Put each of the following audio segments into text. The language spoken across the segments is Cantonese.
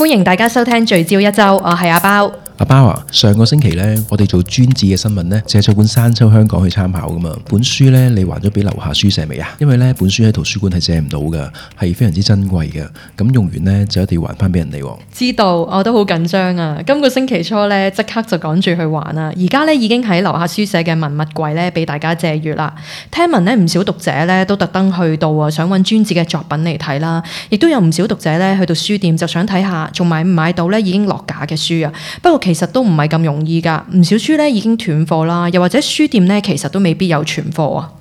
歡迎大家收聽聚焦一周，我係阿包。阿包啊，上個星期呢，我哋做尊子嘅新聞呢，借咗本《山秋香港》去參考噶嘛。本書呢，你還咗俾樓下書社未啊？因為呢本書喺圖書館係借唔到嘅，係非常之珍貴嘅。咁用完呢，就一定要還翻俾人哋。知道，我都好緊張啊！今個星期初呢，即刻就趕住去還啦，啊。而家呢，已經喺樓下書社嘅文物櫃呢，俾大家借閲啦。聽聞呢，唔少讀者呢，都特登去到啊，想揾尊子嘅作品嚟睇啦。亦都有唔少讀者呢，去到書店就想睇下，仲買唔買到呢已經落架嘅書啊。不過其實都唔係咁容易㗎。唔少書咧已經斷貨啦，又或者書店咧其實都未必有存貨啊。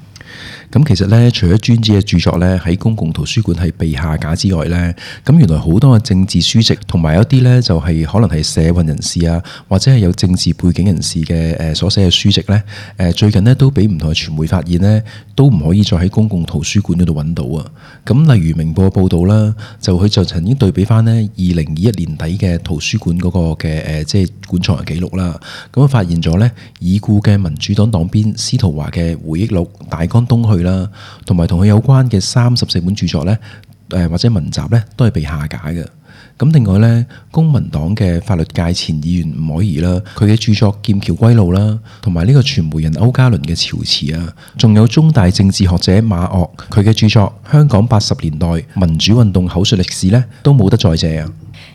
咁其實咧，除咗尊子嘅著作咧，喺公共圖書館係被下架之外咧，咁原來好多嘅政治書籍，同埋有啲咧就係可能係社運人士啊，或者係有政治背景人士嘅誒、呃、所寫嘅書籍咧，誒、呃、最近咧都俾唔同嘅傳媒發現咧，都唔可以再喺公共圖書館嗰度揾到啊！咁例如明報嘅報導啦，就佢就曾經對比翻呢，二零二一年底嘅圖書館嗰個嘅誒、呃、即係館藏記錄啦，咁發現咗咧已故嘅民主黨黨鞭司徒華嘅回憶錄《大江東去》。啦，同埋同佢有關嘅三十四本著作呢，誒或者文集呢，都係被下架嘅。咁另外呢，公民黨嘅法律界前議員吳靄儀啦，佢嘅著作《劍橋歸路》啦，同埋呢個傳媒人歐嘉倫嘅潮詞啊，仲有中大政治學者馬嶽佢嘅著作《香港八十年代民主運動口述歷史》呢，都冇得再借啊。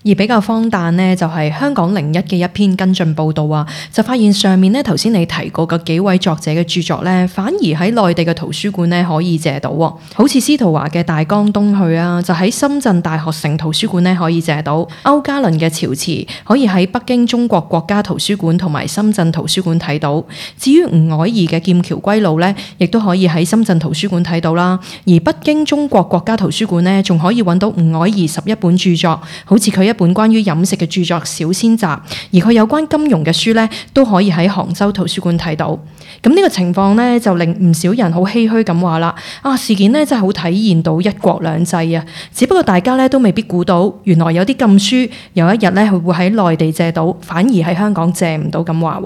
而比較荒誕呢，就係、是、香港零一嘅一篇跟進報導啊。就發現上面呢，頭先你提過嘅幾位作者嘅著作呢，反而喺內地嘅圖書館呢可以借到，好似司徒華嘅《大江東去》啊，就喺深圳大學城圖書館呢可以借到；區家麟嘅《潮池》可以喺北京中國國家圖書館同埋深圳圖書館睇到。至於吳靄儀嘅《劍橋歸路》呢，亦都可以喺深圳圖書館睇到啦。而北京中國國家圖書館呢，仲可以揾到吳靄儀十一本著作，好似佢一。一本關於飲食嘅著作《小仙集》，而佢有關金融嘅書咧，都可以喺杭州圖書館睇到。咁呢個情況呢，就令唔少人好唏嘘咁話啦。啊，事件咧真係好體現到一國兩制啊！只不過大家咧都未必估到，原來有啲禁書有一日呢，佢會喺內地借到，反而喺香港借唔到咁話。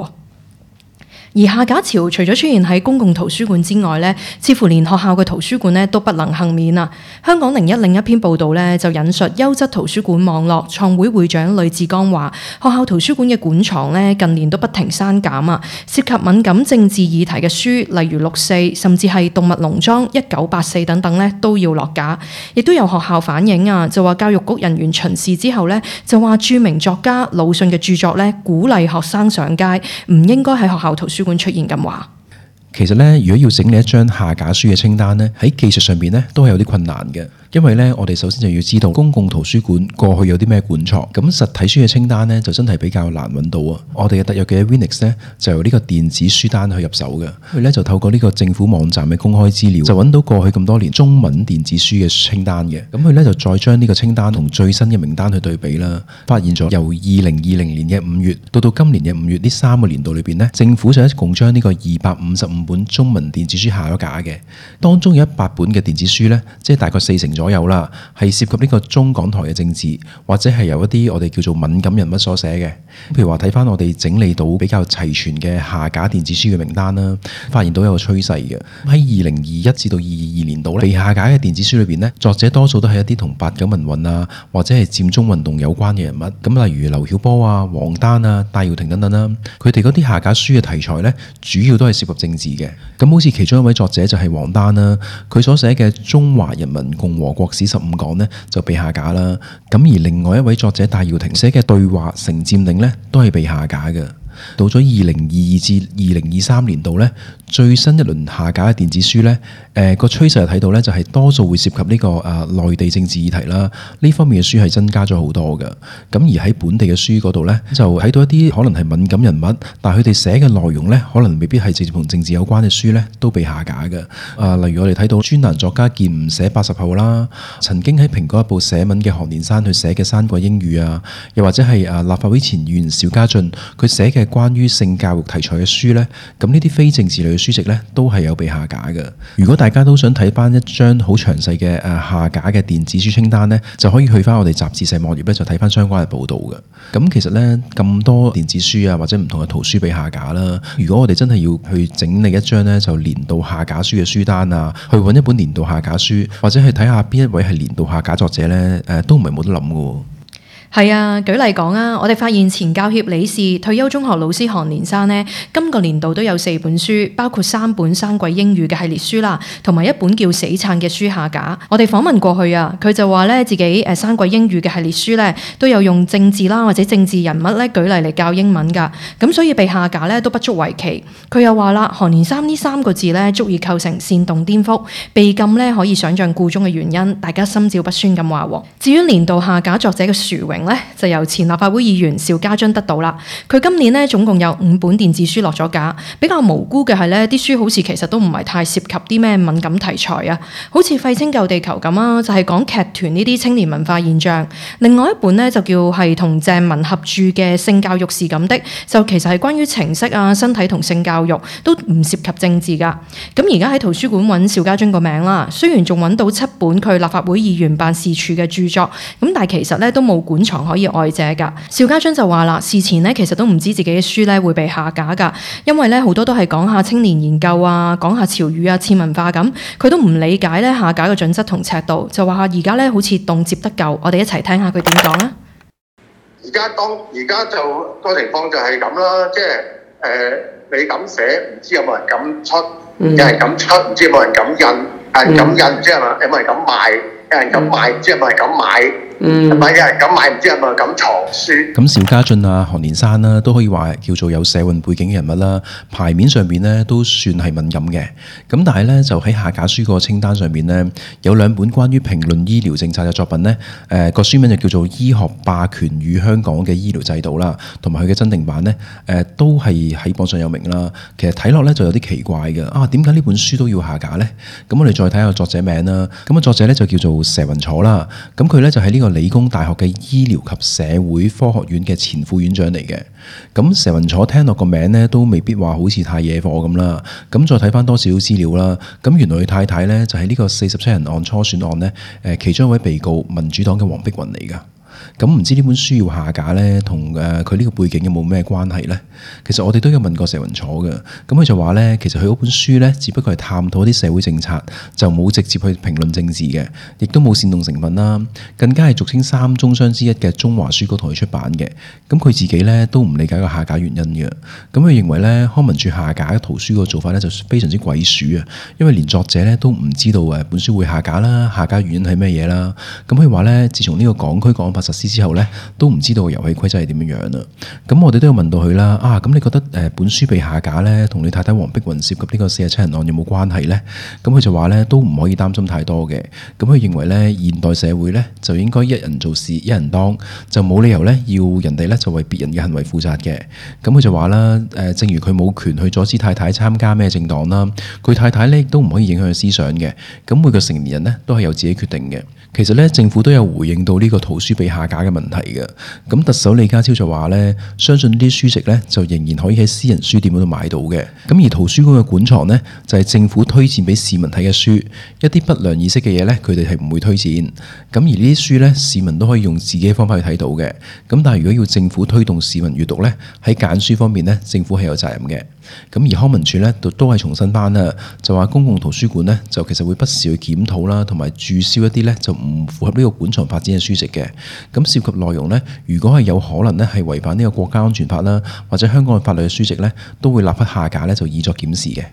而下架潮除咗出現喺公共圖書館之外咧，似乎連學校嘅圖書館咧都不能幸免啊。香港零一另一篇報道咧就引述優質圖書館網絡創會會長呂志剛話，學校圖書館嘅館藏咧近年都不停刪減啊，涉及敏感政治議題嘅書，例如六四，甚至係動物農莊一九八四等等咧都要落架。亦都有學校反映啊，就話教育局人員巡視之後咧，就話著名作家魯迅嘅著作咧鼓勵學生上街，唔應該喺學校圖書館。會出現咁話，其實呢，如果要整理一張下架書嘅清單呢，喺技術上面呢，都係有啲困難嘅。因為咧，我哋首先就要知道公共圖書館過去有啲咩館藏，咁實體書嘅清單呢，就真係比較難揾到啊！我哋嘅特約嘅 w i n u x 呢，就由呢個電子書單去入手嘅，佢咧就透過呢個政府網站嘅公開資料，就揾到過去咁多年中文電子書嘅清單嘅。咁佢咧就再將呢個清單同最新嘅名單去對比啦，發現咗由二零二零年嘅五月到到今年嘅五月呢三個年度裏面呢，政府就一共將呢個二百五十五本中文電子書下咗架嘅，當中有一百本嘅電子書呢，即係大概四成，左右啦，係涉及呢個中港台嘅政治，或者係由一啲我哋叫做敏感人物所寫嘅。譬如話睇翻我哋整理到比較齊全嘅下架電子書嘅名單啦，發現到有個趨勢嘅。喺二零二一至到二二年度被下架嘅電子書裏邊呢，作者多數都係一啲同八九民運啊，或者係佔中運動有關嘅人物。咁例如劉曉波啊、王丹啊、戴耀廷等等啦，佢哋嗰啲下架書嘅題材呢，主要都係涉及政治嘅。咁好似其中一位作者就係王丹啦，佢所寫嘅《中華人民共和》《俄國史十五講》就被下架啦，咁而另外一位作者戴耀廷寫嘅《對話成佔領》都係被下架嘅。到咗二零二二至二零二三年度呢。最新一輪下架嘅電子書呢，誒、呃、個趨勢睇到呢，就係、是、多數會涉及呢、這個誒、啊、內地政治議題啦。呢方面嘅書係增加咗好多嘅。咁而喺本地嘅書嗰度呢，就睇到一啲可能係敏感人物，但佢哋寫嘅內容呢，可能未必係直接同政治有關嘅書呢，都被下架嘅。啊，例如我哋睇到專欄作家健吾寫八十號啦，曾經喺蘋果日報寫文嘅韓連山，佢寫嘅《三個英語》啊，又或者係立法會前議員邵家俊佢寫嘅關於性教育題材嘅書呢。咁呢啲非政治類書籍咧，都係有被下架嘅。如果大家都想睇翻一張好詳細嘅誒下架嘅電子書清單呢，就可以去翻我哋雜誌社網頁咧，就睇翻相關嘅報道嘅。咁其實呢，咁多電子書啊，或者唔同嘅圖書被下架啦。如果我哋真係要去整理一張呢，就年度下架書嘅書單啊，去揾一本年度下架書，或者去睇下邊一位係年度下架作者呢，誒、啊、都唔係冇得諗噶。係啊，舉例講啊，我哋發現前教協理事退休中學老師韓連山呢，今個年度都有四本書，包括三本《三季英語》嘅系列書啦，同埋一本叫《死撐》嘅書下架。我哋訪問過去啊，佢就話呢，自己、呃、《三季英語》嘅系列書呢，都有用政治啦或者政治人物呢舉例嚟教英文㗎。咁所以被下架呢都不足為奇。佢又話啦，韓連山呢三個字呢足以構成煽動顛覆，被禁呢可以想像箇中嘅原因。大家心照不宣咁話喎。至於年度下架作者嘅殊榮，就由前立法會議員邵家臻得到啦。佢今年呢總共有五本電子書落咗架，比較無辜嘅係呢啲書好似其實都唔係太涉及啲咩敏感題材啊，好似廢青舊地球咁啊，就係、是、講劇團呢啲青年文化現象。另外一本呢，就叫係同鄭文合著嘅《性教育是咁的》，就其實係關於情色啊、身體同性教育，都唔涉及政治噶。咁而家喺圖書館揾邵家臻個名啦，雖然仲揾到七本佢立法會議員辦事處嘅著作，咁但係其實呢都冇管。床可以外借噶。邵家臻就話啦，事前咧，其實都唔知自己嘅書咧，會被下架噶，因為咧，好多都係講下青年研究啊，講下潮語啊，次文化咁，佢都唔理解咧下架嘅準則同尺度，就話而家咧好似凍結得夠，我哋一齊聽下佢點講啦。而家當而家就個情況就係咁啦，即係誒你敢寫，唔知有冇人敢出？有人敢出，唔知有冇人敢印，知有，有人敢印，即係嘛？有冇人敢賣？有人敢賣，即係冇人敢買。嗯，唔係嘅，咁買唔知係咪咁藏書？咁邵家俊啊、韓連山啦，都可以話叫做有社運背景嘅人物啦。牌面上面呢，都算係敏感嘅。咁但係呢，就喺下架書個清單上面呢，有兩本關於評論醫療政策嘅作品呢誒、呃、個書名就叫做《醫學霸權與香港嘅醫療制度》啦，同埋佢嘅增訂版呢，誒、呃、都係喺榜上有名啦。其實睇落呢，就有啲奇怪嘅啊，點解呢本書都要下架呢？咁我哋再睇下作者名啦。咁啊，作者呢，就叫做佘雲楚啦。咁佢呢，就喺呢、這個。理工大學嘅醫療及社會科學院嘅前副院長嚟嘅，咁佘雲楚聽落個名呢，都未必話好似太惹火咁啦。咁再睇翻多少資料啦，咁原來佢太太呢，就係呢個四十七人案初選案呢，誒，其中一位被告民主黨嘅黃碧雲嚟㗎。咁唔知呢本書要下架呢？同佢呢個背景有冇咩關係呢？其實我哋都有問過石雲楚嘅，咁佢就話呢，其實佢嗰本書呢，只不過係探討啲社會政策，就冇直接去評論政治嘅，亦都冇煽動成分啦，更加係俗稱三中商之一嘅中華書局嗰度去出版嘅。咁佢自己呢，都唔理解個下架原因嘅。咁佢認為呢，康文署下架圖書個做法呢，就非常之鬼鼠啊，因為連作者呢都唔知道本書會下架啦，下架原因係咩嘢啦。咁佢話呢，自從呢個港區國安法，實施之後呢，都唔知道遊戲規則係點樣樣啦。咁我哋都有問到佢啦。啊，咁你覺得誒，本書被下架呢，同你太太黃碧雲涉及呢個四十七人案有冇關係呢？咁佢就話呢，都唔可以擔心太多嘅。咁佢認為呢，現代社會呢，就應該一人做事一人當，就冇理由呢，要人哋呢，就為別人嘅行為負責嘅。咁佢就話啦，誒，正如佢冇權去阻止太太參加咩政黨啦，佢太太呢都唔可以影響佢思想嘅。咁每個成年人呢，都係有自己決定嘅。其實呢，政府都有回應到呢個圖書被下。假假嘅問題嘅，咁特首李家超就話呢，相信呢啲書籍呢，就仍然可以喺私人書店嗰度買到嘅。咁而圖書館嘅館藏呢，就係政府推薦俾市民睇嘅書，一啲不良意識嘅嘢呢，佢哋係唔會推薦。咁而呢啲書呢，市民都可以用自己嘅方法去睇到嘅。咁但係如果要政府推動市民閱讀呢，喺揀書方面呢，政府係有責任嘅。咁而康文署咧都都係重新翻啦，就話公共圖書館咧就其實會不時去檢討啦，同埋註銷一啲咧就唔符合呢個館藏發展嘅書籍嘅。咁涉及內容咧，如果係有可能咧係違反呢個國家安全法啦，或者香港嘅法律嘅書籍咧，都會立刻下架咧就以作檢視嘅。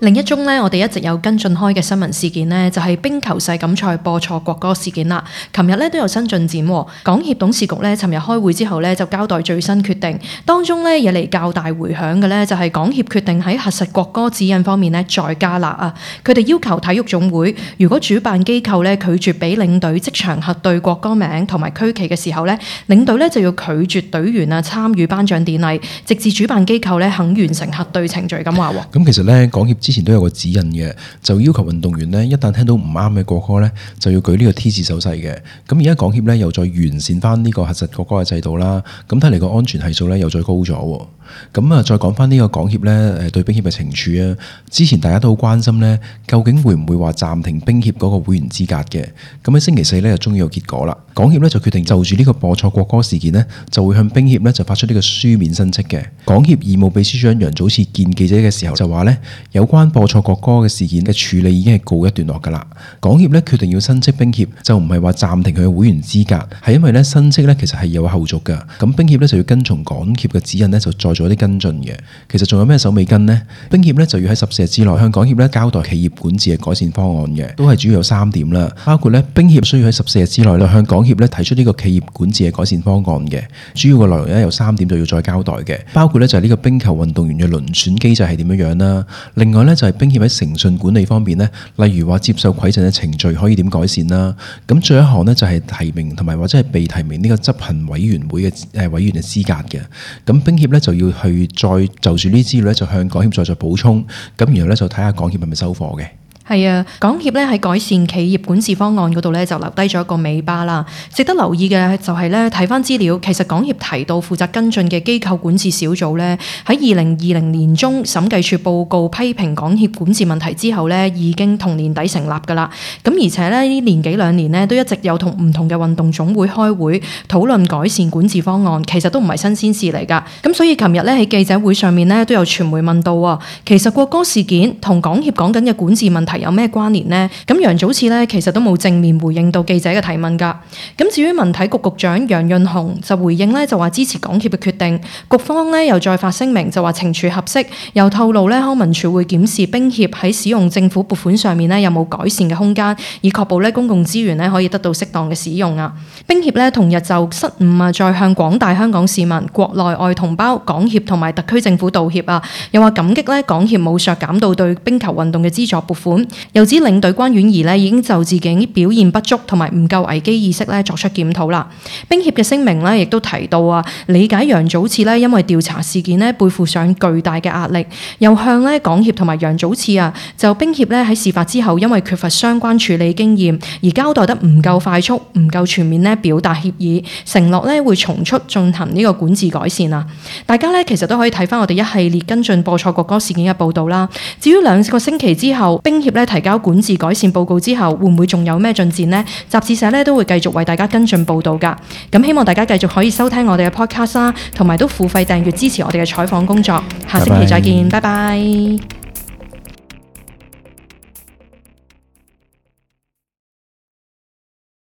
另一宗呢，我哋一直有跟進開嘅新聞事件呢，就係、是、冰球世錦賽播錯國歌事件啦。琴日咧都有新進展，港協董事局呢琴日開會之後呢，就交代最新決定，當中呢，惹嚟較大迴響嘅呢，就係港協決定喺核實國歌指引方面呢，再加辣啊！佢哋要求體育總會，如果主辦機構呢拒絕俾領隊即場核對國歌名同埋區旗嘅時候呢，領隊呢就要拒絕隊員啊參與頒獎典禮，直至主辦機構呢肯完成核對程序。咁話喎，咁其實呢，港協，之前都有個指引嘅，就要求運動員呢，一旦聽到唔啱嘅國歌呢，就要舉呢個 T 字手勢嘅。咁而家港協呢，又再完善翻呢個核實國歌嘅制度啦。咁睇嚟個安全係數呢，又再高咗。咁啊，再講翻呢個港協呢，誒對冰協嘅懲處啊。之前大家都好關心呢，究竟會唔會話暫停冰協嗰個會員資格嘅？咁喺星期四呢，就終於有結果啦。港協呢，就決定就住呢個播錯國歌事件呢，就會向冰協呢，就發出呢個書面申斥嘅。港協義務秘書長楊祖慈見記者嘅時候就話呢，有關。播錯國歌嘅事件嘅處理已經係告一段落噶啦，港協咧決定要申斥冰協，就唔係話暫停佢嘅會員資格，係因為咧申斥咧其實係有後續噶，咁冰協咧就要跟從港協嘅指引咧，就再做一啲跟進嘅。其實仲有咩手尾跟呢？冰協咧就要喺十四日之內向港協咧交代企業管治嘅改善方案嘅，都係主要有三點啦，包括咧冰協需要喺十四日之內咧向港協咧提出呢個企業管治嘅改善方案嘅，主要嘅內容咧有三點就要再交代嘅，包括咧就係呢個冰球運動員嘅輪選機制係點樣樣啦，另外。就係冰協喺誠信管理方面咧，例如話接受饋贈嘅程序可以點改善啦。咁最後一項咧就係提名同埋或者係被提名呢個執行委員會嘅誒、呃、委員嘅資格嘅。咁冰協咧就要去再就住呢啲資料咧，就向港協再做補充。咁然後咧就睇下港協係咪收貨嘅。係啊，港協在喺改善企業管治方案嗰度就留低咗一個尾巴啦。值得留意嘅就係、是、看睇返資料，其實港協提到負責跟進嘅機構管治小組在喺二零二零年中審計處報告批評港協管治問題之後已經同年底成立㗎啦。咁而且呢年幾兩年都一直有跟不同唔同嘅運動總會開會討論改善管治方案，其實都唔係新鮮事嚟㗎。咁所以琴日在喺記者會上面都有傳媒問到，其實國歌事件同港協講緊嘅管治問題有咩關聯咧？咁楊祖師咧，其實都冇正面回應到記者嘅提問㗎。咁至於文體局局長楊潤雄就回應咧，就話支持港協嘅決定。局方咧又再發聲明，就話懲處合適，又透露呢，康文署會檢視冰協喺使用政府撥款上面呢，有冇有改善嘅空間，以確保咧公共資源呢可以得到適當嘅使用啊。冰協咧同日就失誤啊，再向廣大香港市民、國內外同胞、港協同埋特區政府道歉啊，又話感激呢港協冇削減到對冰球運動嘅資助撥款。又指領隊關婉儀咧已經就自己表現不足、同埋唔夠危機意識咧作出檢討啦。冰協嘅聲明咧亦都提到啊，理解楊祖智咧因為調查事件咧背負上巨大嘅壓力，又向咧港協同埋楊祖智啊，就冰協咧喺事發之後因為缺乏相關處理經驗而交代得唔夠快速、唔夠全面咧表達歉意，承諾咧會重出進行呢個管治改善啊。大家咧其實都可以睇翻我哋一系列跟進播錯國歌事件嘅報導啦。至於兩個星期之後，冰協。提交管治改善報告之後，會唔會仲有咩進展呢？集誌社都會繼續為大家跟進報導㗎。咁希望大家繼續可以收聽我哋嘅 podcast 啦，同埋都付費訂閱支持我哋嘅採訪工作。下星期再見，拜拜 bye。Bye bye